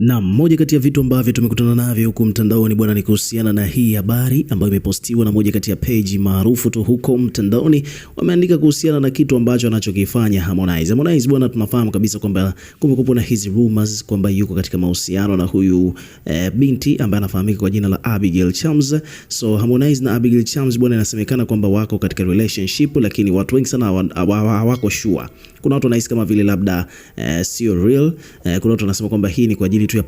Na moja kati ya vitu ambavyo tumekutana navyo huku mtandaoni bwana, ni kuhusiana na hii habari ambayo imepostiwa na moja kati ya peji maarufu tu huko mtandaoni. Wameandika kuhusiana na kitu ambacho anachokifanya Harmonize. Harmonize bwana, tunafahamu kabisa kwamba kumekuwa na hizi rumors kwamba yuko katika mahusiano na huyu e, binti ambaye anafahamika kwa jina la Abigail Chams. So Harmonize na Abigail Chams bwana, inasemekana kwamba wako katika relationship, lakini watu wengi sana hawako sure. Kuna watu wanahisi kama vile labda e, sio real e, kuna watu wanasema kwamba hii ni kwa ajili kitu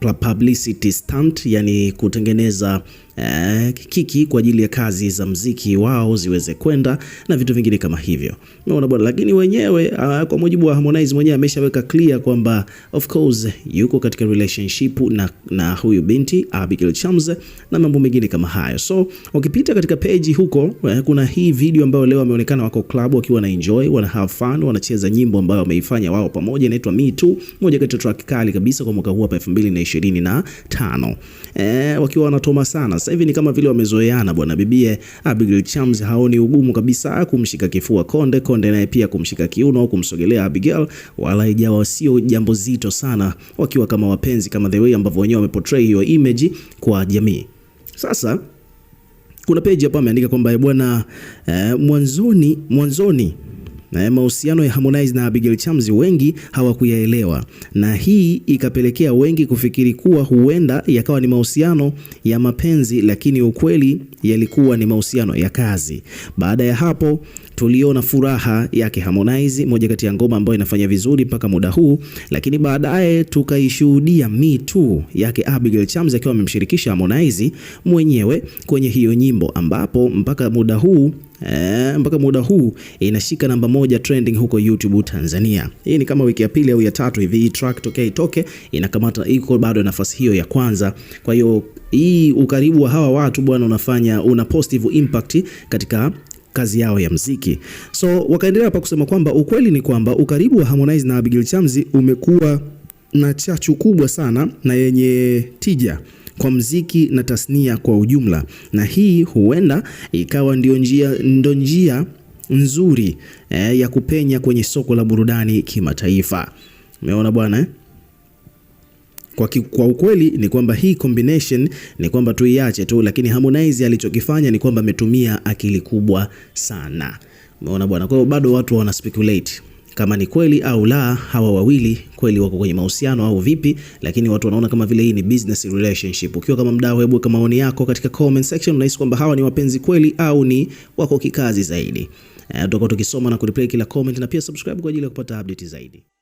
ya publicity stunt, yani kutengeneza eh, kiki kwa ajili ya kazi za mziki wao ziweze kwenda na vitu vingine kama hivyo, unaona bwana. Lakini wenyewe uh, kwa mujibu wa Harmonize mwenyewe ameshaweka clear kwamba of course yuko katika relationship na, na huyu binti Abigail Chams na mambo mengine kama hayo. So ukipita katika page huko eh, kuna hii video ambayo leo ameonekana wako club wakiwa na enjoy, wana have fun, wanacheza nyimbo ambayo wameifanya wao pamoja, inaitwa Me Too, moja kati ya track kali kabisa kwa mwaka huu hapa 2025 eh, wakiwa wanatoma sana. Sasa hivi ni kama vile wamezoeana bwana. Bibie Abigail Chams haoni ugumu kabisa kumshika kifua Konde, Konde naye pia kumshika kiuno au kumsogelea Abigail, wala ijawa sio jambo zito sana, wakiwa kama wapenzi, kama the way ambavyo wenyewe wameportray hiyo image kwa jamii. Sasa kuna page hapa ameandika kwamba eh, bwana eh, mwanzoni mwanzoni mahusiano ya Harmonize na Abigail Chams wengi hawakuyaelewa, na hii ikapelekea wengi kufikiri kuwa huenda yakawa ni mahusiano ya mapenzi, lakini ukweli yalikuwa ni mahusiano ya kazi. Baada ya hapo tuliona furaha yake Harmonize, moja kati ya ngoma ambayo inafanya vizuri mpaka muda huu, lakini baadaye tukaishuhudia Me Too yake Abigail Chams akiwa amemshirikisha Harmonize mwenyewe kwenye hiyo nyimbo ambapo mpaka muda huu E, mpaka muda huu inashika namba moja trending huko YouTube Tanzania. Hii ni kama wiki ya pili au ya tatu hivi track tokea itoke inakamata iko bado nafasi hiyo ya kwanza. Kwa hiyo hii ukaribu wa hawa watu bwana, unafanya una positive impact katika kazi yao ya mziki. So wakaendelea hapa kusema kwamba ukweli ni kwamba ukaribu wa Harmonize na Abigail Chams umekuwa na chachu kubwa sana na yenye tija kwa mziki na tasnia kwa ujumla, na hii huenda ikawa ndio njia, ndio njia nzuri eh, ya kupenya kwenye soko la burudani kimataifa. Umeona bwana eh? Kwa, ki, kwa ukweli ni kwamba hii combination ni kwamba tuiache tu, lakini Harmonize alichokifanya ni kwamba ametumia akili kubwa sana. Umeona bwana, kwa hiyo bado watu wana speculate kama ni kweli au la, hawa wawili kweli wako kwenye mahusiano au vipi, lakini watu wanaona kama vile hii ni business relationship. Ukiwa kama mdau, hebu kama maoni yako katika comment section. Unahisi kwamba hawa ni wapenzi kweli au ni wako kikazi zaidi? Eh, tutakuwa tukisoma na kureply kila comment, na pia subscribe kwa ajili ya kupata update zaidi.